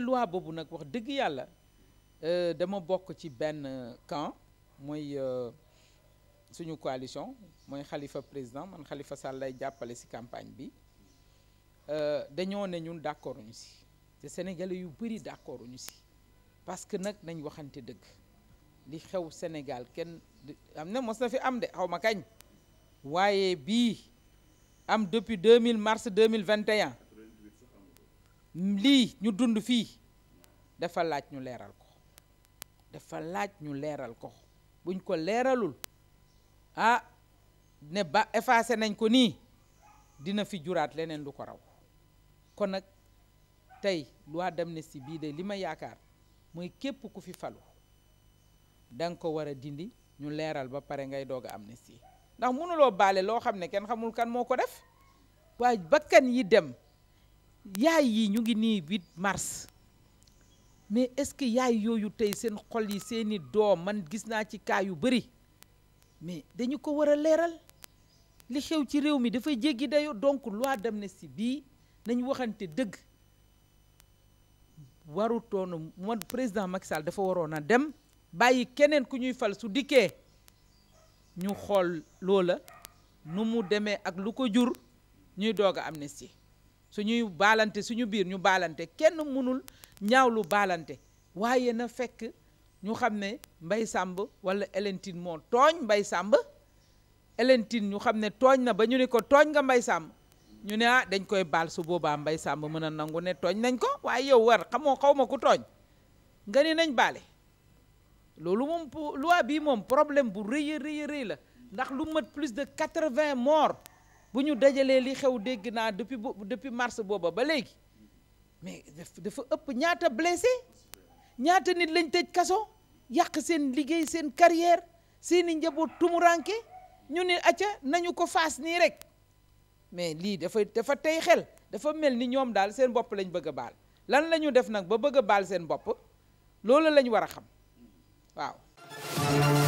loi boobu nag wax dëgg yàlla euh, dama bokk ci benn camp mooy euh, suñu coalition mooy xalifa président man xalifa Sall lay jàppale si campagne bi euh, dañoo ne ñun d'accord ñu ci te sénégalais yu bari d'accord ñu ci parce que nag nañ waxante dëgg li xew Sénégal kenn am na mos na fi am de xaw ma kañ waaye bii am depuis 2000 mars 2021 lii ñu dund fii dafa laaj ñu leeral ko dafa laaj ñu leeral ko buñ ko leeralul ah ne ba effacé nañ ko nii dina fi juraat leneen lu ko raw kon nag tey waa dem ne d'amnistie bii de li ma yaakaar mooy képp ku fi falu danga ko war a dindi ñu leeral ba pare ngay doog ne amnistie ndax mënuloo baale loo xam ne kenn xamul kan moo ko def waaye kan yi dem yaay yi ñu ngi nii 8 mars mais est-ce que yaay yooyu tey seen xol yi seeni doom man gis naa ci kaay yu bëri mais dañu ko war a leeral li xew ci réew mi dafay jéggi dayo donc loi d'amnistie bii nañ waxante dëgg warutoon man président Macky Sall dafa waroon a dem bàyyi keneen ku ñuy fal su dikkee ñu xool loola nu mu demee ak lu ko jur ñuy doog a amnistie suñuy baalante suñu biir ñu baalante kenn mënul ñaaw lu baalante waaye na fekk ñu xam ne mbay sàmb wala Hélène moo tooñ mbay sàmb Hélène Tine ñu xam ne tooñ na ba ñu ne ko tooñ nga mbay Samb ñu ne ah dañ koy baal su boobaa mbay sàmb mën a nangu ne tooñ nañ ko waaye yow war xamoo xawma ma ku tooñ nga ni nañ baale loolu moom loi bii moom problème bu rëy a rëy la ndax lu mat plus de quatre-vingts morts bu ñu dajalee li xew dégg naa depuis depuis mars booba ba léegi mais dafa ëpp ñaata blessé ñaata nit lañ tëj kaso yàq seen liggéey seen carrière seeni i njaboot tumuranke ñu ne acca nañu ko faas nii rek mais lii dafa dafa tey xel dafa mel ni ñoom daal seen bopp lañ bëgg a baal lan lañu def nag ba bëgg a baal seen bopp loolu lañ war a xam waaw